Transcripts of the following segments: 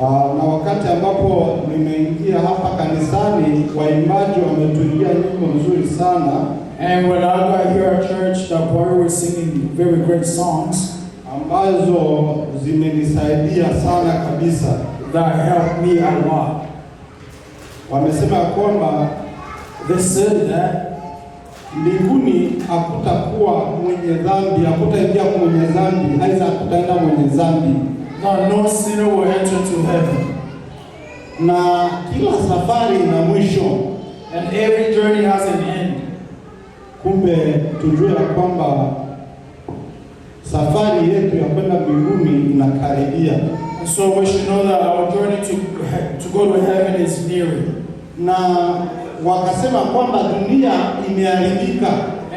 Uh, na wakati ambapo nimeingia hapa kanisani waimbaji wametuimbia nyimbo nzuri sana. And when I got here at church the choir was singing very great songs ambazo zimenisaidia sana kabisa. That helped me a lot. Wamesema kwamba they said that mbinguni hakutakuwa mwenye dhambi, hakutaingia mwenye dhambi, hata hakutaenda mwenye dhambi that no sinner will enter to heaven. Na kila safari ina mwisho, and every journey has an end. Kumbe tujue ya kwamba safari yetu ya kwenda mbinguni inakaribia. so we should know that our journey to, to go to heaven is nearing. Na wakasema kwamba dunia imeharibika.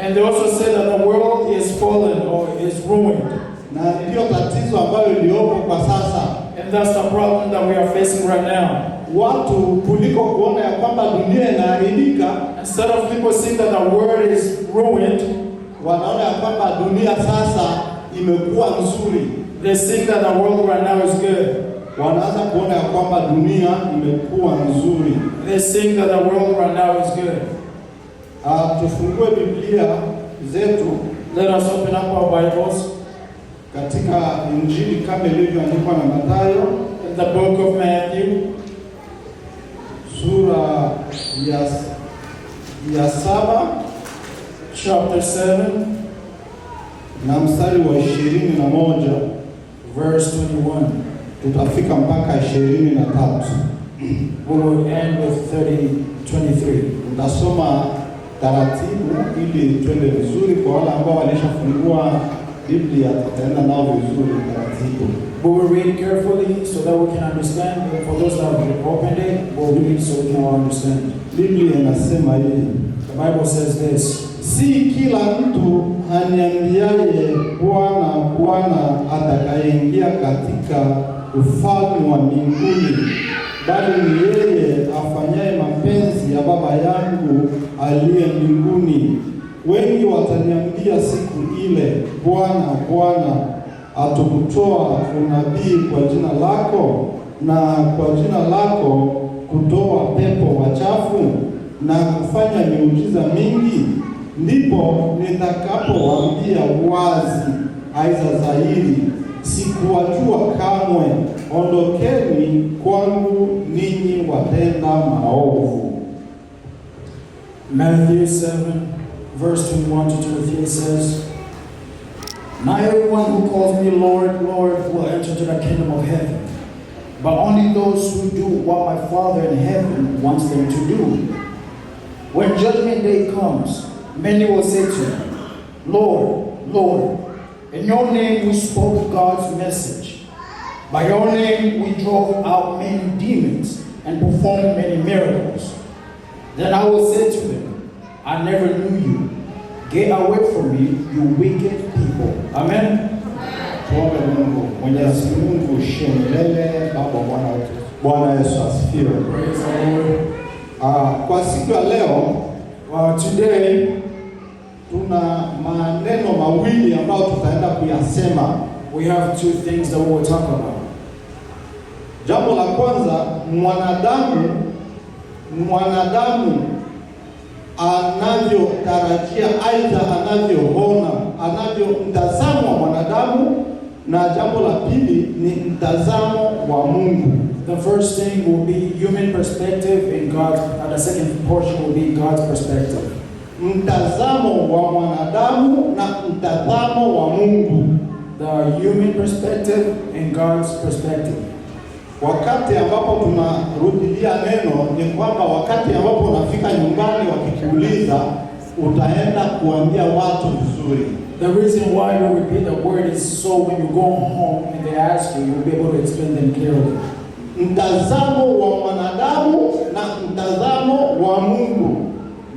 And they also said that the world is fallen or is ruined na ndio tatizo ambayo iliyopo kwa sasa. And that's the problem that we are facing right now. Watu kuliko kuona ya kwamba dunia inaharibika, instead of people seeing that the world is ruined, wanaona ya kwamba dunia sasa imekuwa nzuri. They see that the world right now is good. Wanaanza kuona ya kwamba dunia imekuwa nzuri. They see that the world right now is good. Uh, tufungue Biblia zetu. Let us open up our Bibles katika Injili kama ilivyoandikwa na Mathayo, the book of Matthew, sura ya ya saba chapter 7 na mstari wa 21 verse 21 tutafika mpaka 23 We will end with 30, 23. Utasoma taratibu ili twende vizuri kwa wale ambao walishafungua Biblia tutaenda nao vizuri taratibu. We will read carefully so that we can understand. And For those that have opened it, we will read so we can understand. Biblia inasema hivi. The Bible says this. Si kila mtu aniambiaye Bwana, Bwana atakayeingia katika ufalme wa mbinguni, bali ni yeye afanyaye mapenzi ya Baba yangu aliye mbinguni wengi wataniambia siku ile, Bwana, Bwana, hatukutoa unabii kwa jina lako na kwa jina lako kutoa pepo wachafu na kufanya miujiza mingi? Ndipo nitakapowaambia wazi aiza zaidi, sikuwajua kamwe, ondokeni kwangu ninyi watenda maovu. Matthew 7 verse 21 to 23 says, Not everyone who calls me Lord, Lord will enter to the kingdom of heaven, but only those who do what my Father in heaven wants them to do. When judgment day comes, many will say to him, Lord, Lord, in your name we spoke God's message. By your name we drove out many demons and performed many miracles. Then I will say to them, I never knew you. Get away from me, you wicked people. Amen. Tuombe Mungu. Mwenyezi Mungu ushie milele. Baba Bwana wetu. Bwana Yesu asifiwe. Praise the Lord. Ah, kwa siku ya leo, uh, today tuna maneno mawili ambayo tutaenda kuyasema. We have two things that we will talk about. Jambo la kwanza, mwanadamu mwanadamu anavyotarajia, aidha anavyoona, anavyomtazamo wa mwanadamu, na jambo la pili ni mtazamo wa Mungu. The first thing will be human perspective and God's, uh, the second portion will be God's perspective. Mtazamo wa mwanadamu na mtazamo wa Mungu. The human perspective and God's perspective. Wakati ambapo tunarudilia neno ni kwamba wakati ambapo unafika nyumbani, wakikuuliza utaenda kuambia watu vizuri. The reason why you repeat the word is so when you go home and they ask you, you'll be able to explain them clearly. Mtazamo wa mwanadamu na mtazamo wa Mungu.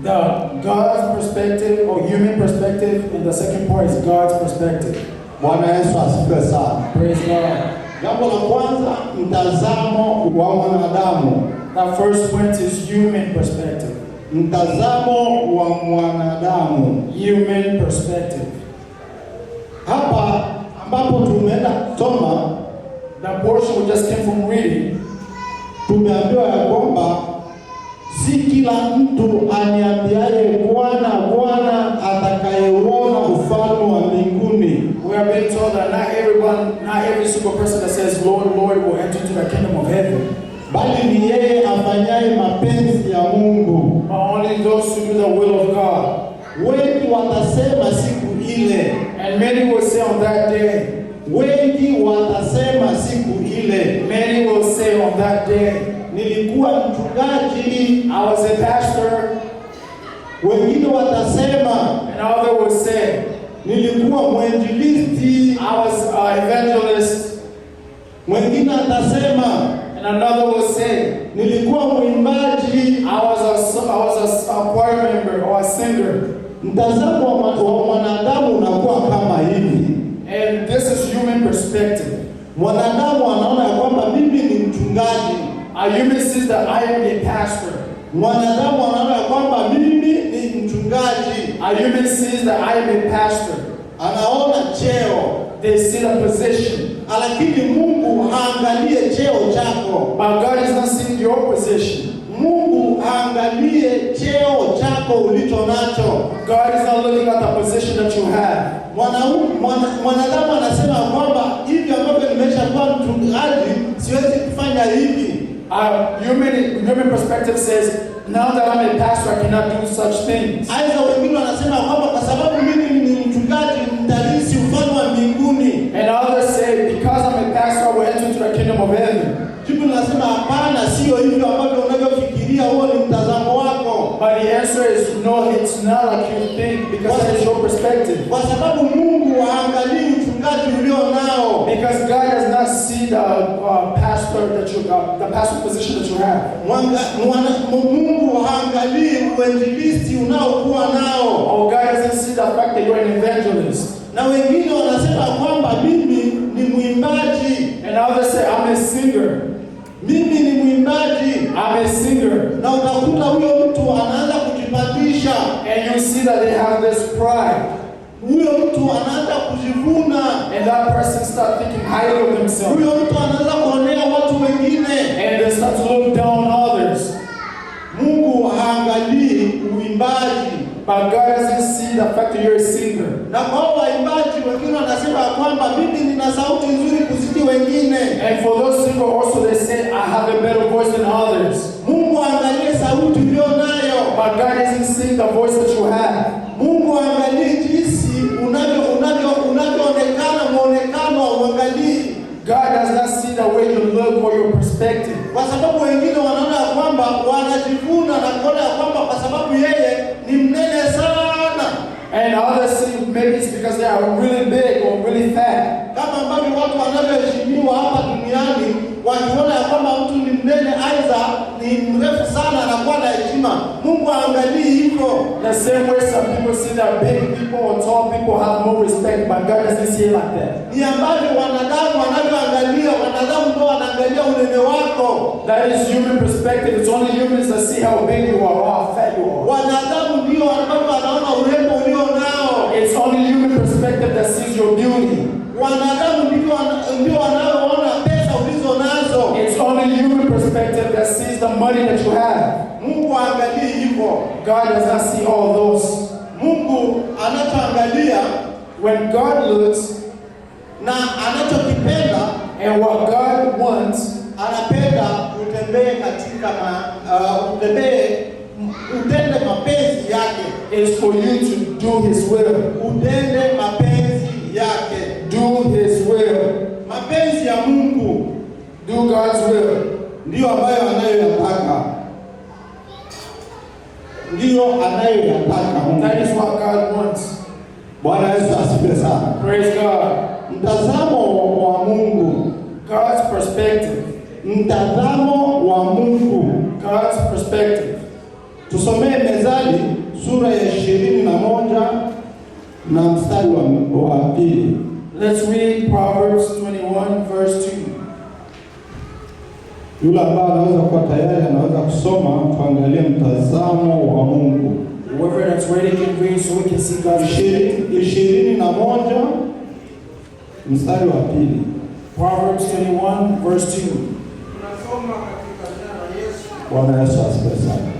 The God's perspective or human perspective and the second part is God's perspective. Bwana Yesu asifiwe sana. Praise God. Jambo la kwanza, mtazamo wa mwanadamu. The first point is human perspective. Mtazamo wa mwanadamu, human perspective. Hapa ambapo tumeenda kusoma, the portion we just came from reading, tumeambiwa ya kwamba si kila mtu aniambiaye Bwana Bwana atakayeuona ufalme wa mbinguni. We are being told that not everyone, not every single person Lord, Lord, we enter into the kingdom of heaven. Bali ni yeye afanyaye mapenzi ya Mungu. But only those who do the will of God. Wengi watasema siku ile. And many will say on that day. Wengi watasema siku ile. Many will say on that day. Nilikuwa mchungaji. I was a pastor. Wengine watasema. And others will say. Nilikuwa mwinjilisti. I was an uh, evangelist. Mwengine atasema, and another will say, nilikuwa mwimbaji, I was a, I was a choir member or a singer. Mtazamo wa mwanadamu unakuwa kama hivi, and this is human perspective. Mwanadamu anaona ya kwamba mimi ni mchungaji, a human sees that I am a pastor. Mwanadamu anaona ya kwamba mimi ni mchungaji, a human sees that I am a pastor. Anaona cheo, they see the position Ah, lakini Mungu haangalie cheo chako. But God is not seeing your position. Mungu haangalie cheo chako ulicho nacho. God is not looking at the position that you have. Mwanadamu anasema kwamba hivi ambavyo nimeshakuwa mchungaji siwezi kufanya hivi. Uh, ah, human, human perspective says now that I'm a pastor I cannot do such things. Aiza wengine wanasema kwamba kwa sababu mimi kwa sababu Mungu haangalii uchungaji ulio nao. Because God does not see the uh, pastor that you got, the pastor position that you have. Mungu haangalii uinjilisti unaokuwa nao. Oh, God doesn't see the fact that you are an evangelist. Na wengine wanasema kwamba mimi ni mwimbaji. And others say I'm a singer. Mimi ni mwimbaji. I'm a singer. Na utakuta huyo mtu anaanza kujipatisha. And you see that they have this pride huyo mtu anaanza kujivuna, and that person start thinking highly of themselves. Huyo mtu anaanza kuonea watu wengine, and they start to look down on others. Mungu haangalii uimbaji, but God doesn't see the fact that you're a singer. Na kwa waimbaji wengine wanasema kwamba mimi nina sauti nzuri kuzidi wengine, and for those people also they say I have a better voice than others. Mungu angalie sauti ulionayo, but God doesn't see the voice that you have. perspective, kwa sababu wengine wanaona ya kwamba wanajivuna na kuona ya kwamba kwa sababu yeye ni mnene sana, and others think maybe it's because they are really big or really fat. Kama ambavyo watu wanavyoheshimiwa hapa duniani wakiona ya kwamba mtu ni mnene, aidha ni mrefu sana, anakuwa na heshima. Mungu aangalii hivyo. The same way some people see that big people or tall people have more respect, but God doesn't see it like that. Ni ambavyo wanadamu wanavyo wanadamu ndio wanaangalia unene wako. That is human perspective. It's only humans that see how big you are, how fat you are. Wanadamu ndio ambao wanaona urembo ulio nao. It's only human perspective that sees your beauty. Wanadamu ndio ndio wanaoona pesa ulizo nazo. It's only human perspective that sees the money that you have. Mungu angalii hivyo. God does not see all those. Mungu anachoangalia when God looks na anachokipenda and what God wants anapenda utembee katika ma, uh, utembee utende mapenzi yake is for you to do his will. Utende mapenzi yake do his will. Mapenzi ya Mungu do God's will Ndio ambayo anayoyataka, Ndio anayoyataka. That is what God wants. Bwana Yesu asifiwe sana. Praise God. Mtazamo wa Mungu God's perspective. Mtazamo wa Mungu, God's perspective. Tusomee Mezali sura ya ishirini na moja na mstari wa pili. Let's read Proverbs 21 verse 2. Yule ambaye anaweza kuwa tayari anaweza kusoma, tuangalie mtazamo wa Mungu. Whoever that's ready can read so we can see God's. Ishirini na moja mstari wa pili. Proverbs 31 verse 2. Bwana Yesu asifiwe sana.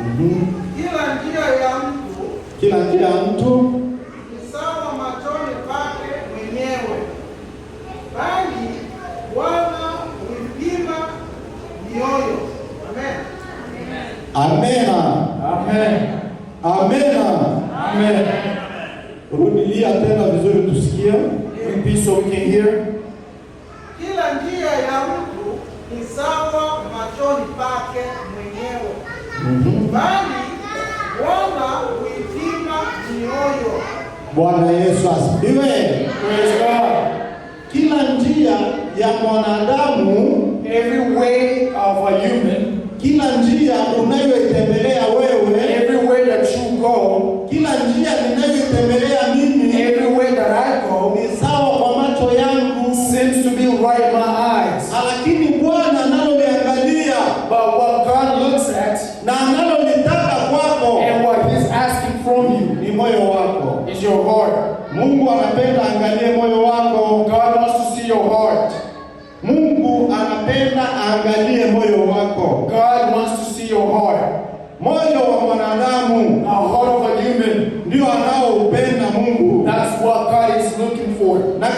Mhm. Kila njia ya mtu, kila njia ya mtu ni sawa machoni pake mwenyewe, bali Bwana huipima mioyo. Amen. Amen. Amen. Amen. Amen. Amen. Rudia tena vizuri tusikie. Repeat so we can hear. Kila njia ya mtu ni sawa machoni pake mwenyewe. Mm-hmm. Bali Bwana huipima mioyo. Bwana Yesu asifiwe. Praise God. Kila njia ya mwanadamu, every way of a human, kila njia unayoitembelea wewe, every way that you go, kila njia ninayoitembelea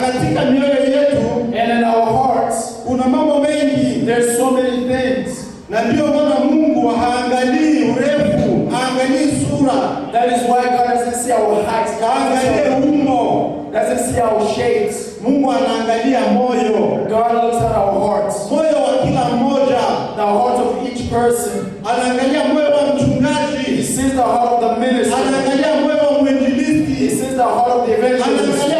katika mioyo yetu and in our hearts, kuna mambo mengi, there's so many things, na ndio maana Mungu haangalii urefu, haangalii sura. That is why God doesn't see our hearts haangalii umbo, doesn't see our shapes. Mungu anaangalia moyo. God looks at our hearts, moyo wa kila mmoja, the heart of each person. Anaangalia moyo wa mchungaji, he sees the heart of the minister. Anaangalia moyo wa mwinjilisti, he sees the heart of the evangelist.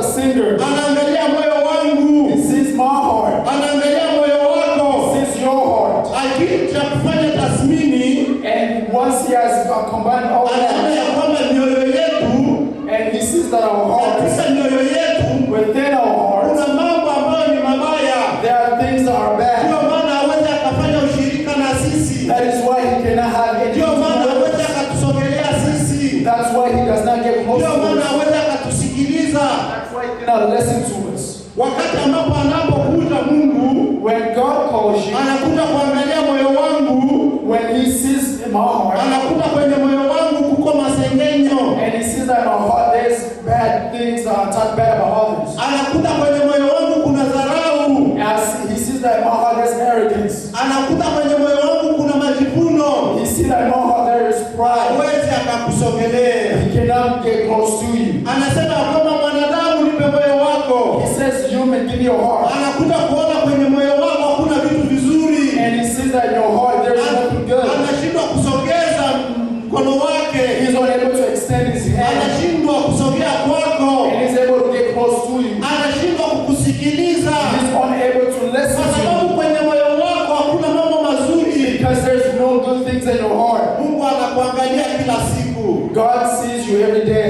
the singer. Anaangalia moyo wangu. He sees my heart. Anaangalia moyo wako. He sees your heart. Akija kufanya tathmini and once he has combined all that. Anaona kwamba mioyo yetu and he sees that our heart. Katika mioyo yetu wakati ambapo anapokuja Mungu, when God calls you, anakuja kuangalia moyo wangu, when he sees my heart, anakuja kwenye moyo wangu kuko masengenyo, and he sees that my heart there's bad things are talk bad about others, anakuta kwenye moyo wangu kuna dharau, as he sees that my heart there's arrogance, anakuta kwenye moyo wangu kuna majivuno, he sees that my heart there is pride, wewe akakusogelea, he cannot get close to you, anasema kwamba anything in your heart. Anakuja kuona kwenye moyo wako hakuna vitu vizuri. And he sees that in your heart there is nothing good. Anashindwa kusogeza mkono wake. He is unable to extend his hand. Anashindwa kusogea kwako. And is able to get close to you. Anashindwa kukusikiliza. He is unable to listen to you. kwenye moyo wako hakuna mambo mazuri. Because there is no good things in your heart. Mungu anakuangalia kila siku. God sees you every day.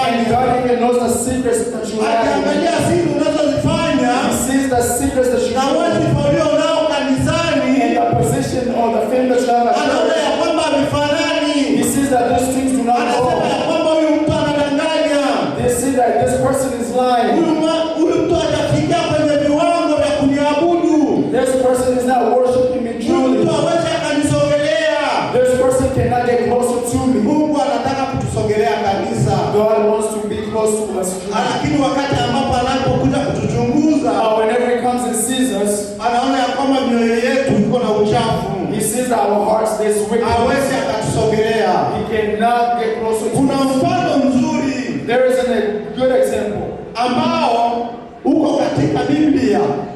kufanya. God even knows the secrets that you have. He sees the secrets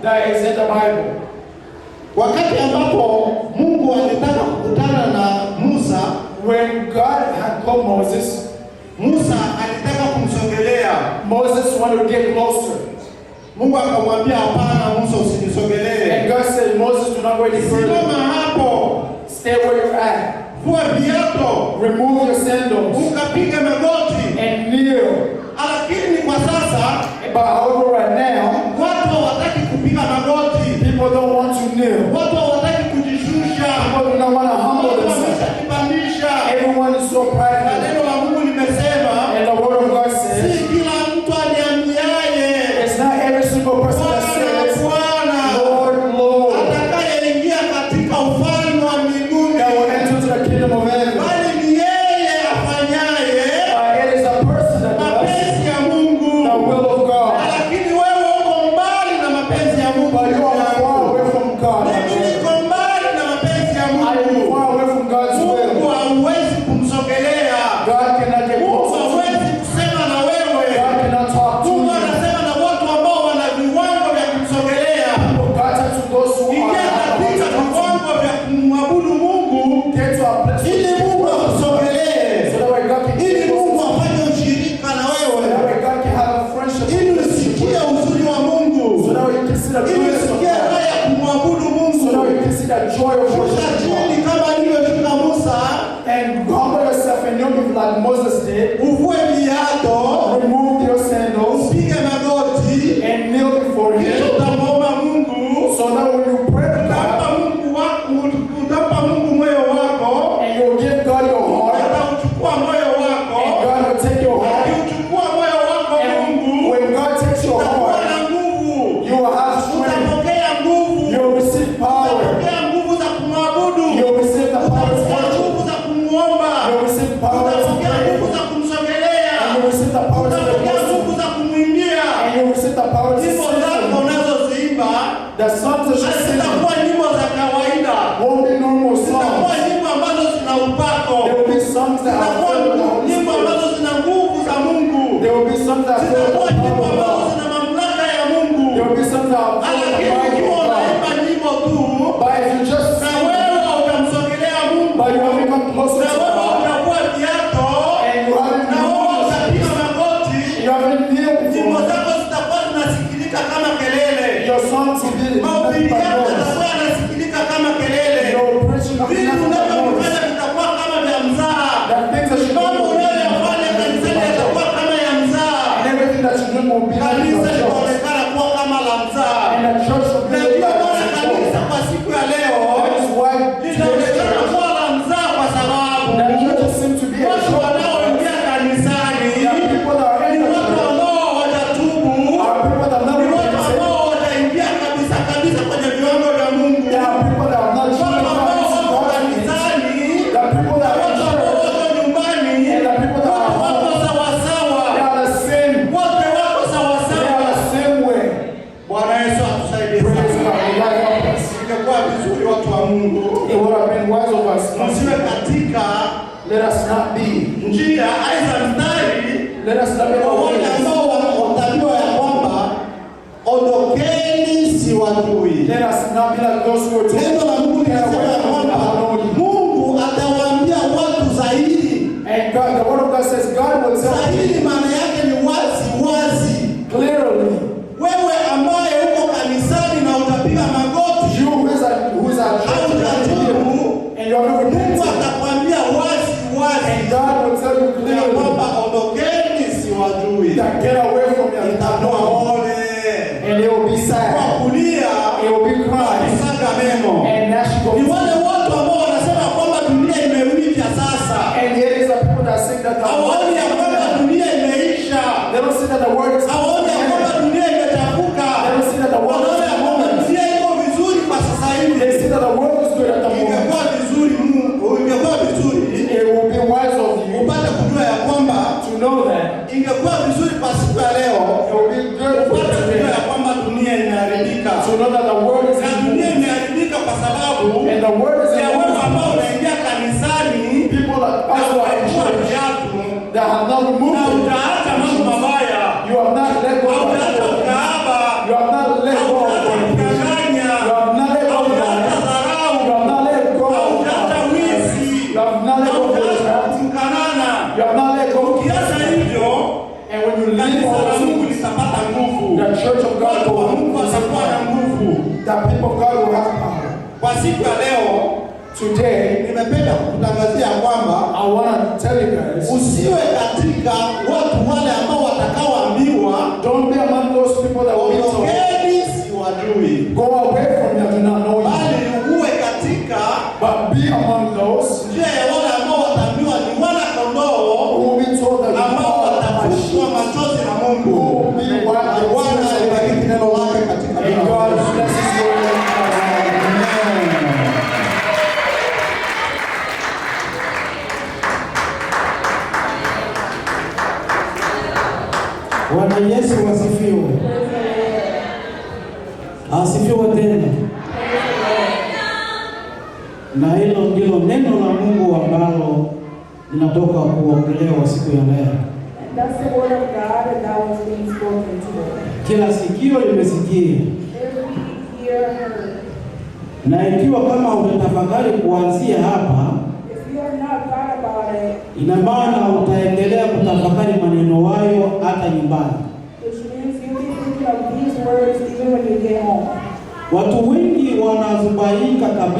that is in the Bible. Wakati ambapo Mungu alitaka kukutana na Musa, when God had called Moses, Musa alitaka kumsogelea. Moses wanted to get closer. Mungu akamwambia hapana, Musa usinisogelee. And God said, Moses, do not go any further. Simama hapo. Stay where you're at. Vua viatu. Remove your sandals. Ukapiga magoti. And kneel. Lakini kwa sasa, but however right now, People don't want to kneel. Watu hawataki kujishusha. do want to humble themselves. Everyone is so prideful. za kumsogelea, utapokea nguvu za Nyimbo za kawaida, zitakuwa ambazo zina upako, zitakuwa nyimbo ambazo zina nguvu za Mungu. Let us not be. Njia aidha mstari Let us not be wale ambao watabiwa ya kwamba ondokeni, si wajui. Let us not be like those who are told. Neno la Mungu linasema kwamba Mungu atawaambia watu zaidi. And God, the word that Kwa siku ya leo today, nimependa kutangazia kwamba usiwe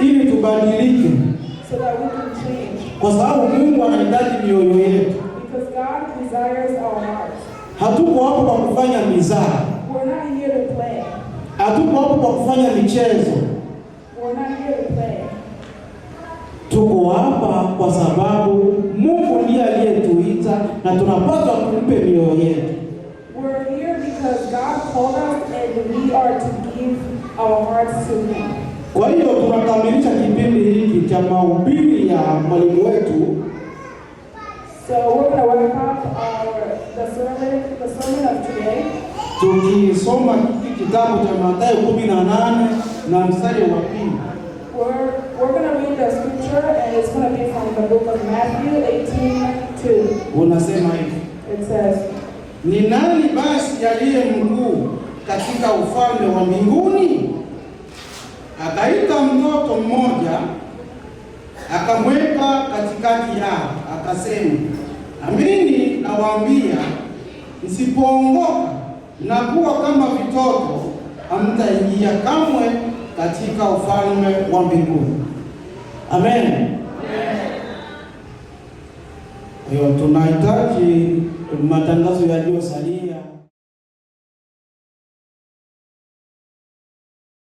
ili tubadilike, kwa sababu Mungu anahitaji mioyo yetu. Hatuko hapo kwa kufanya mizaha, hatuko hapo kwa kufanya michezo. Tuko hapa kwa sababu Mungu ndiye aliyetuita na tunapaswa kumpe mioyo yetu. We're here because God called us and we are to give our hearts to Him. Kwa hiyo tunakamilisha kipindi hiki cha mahubiri ya mwalimu wetu. So we're going to wrap up our the sermon the sermon of today. kitabu cha Mathayo na mstari wa pili. We're we're going to read the scripture and it's going to be from the book of Matthew Unasema hivi. It says, Ni nani basi aliye mkuu katika ufalme wa mbinguni? Akaita mtoto mmoja akamweka katikati yao, akasema, amini nawaambia, msipoongoka na kuwa kama vitoto, hamtaingia kamwe katika ufalme wa mbinguni. Amen. Kwa hiyo tunahitaji matangazo yaliyo sahihi.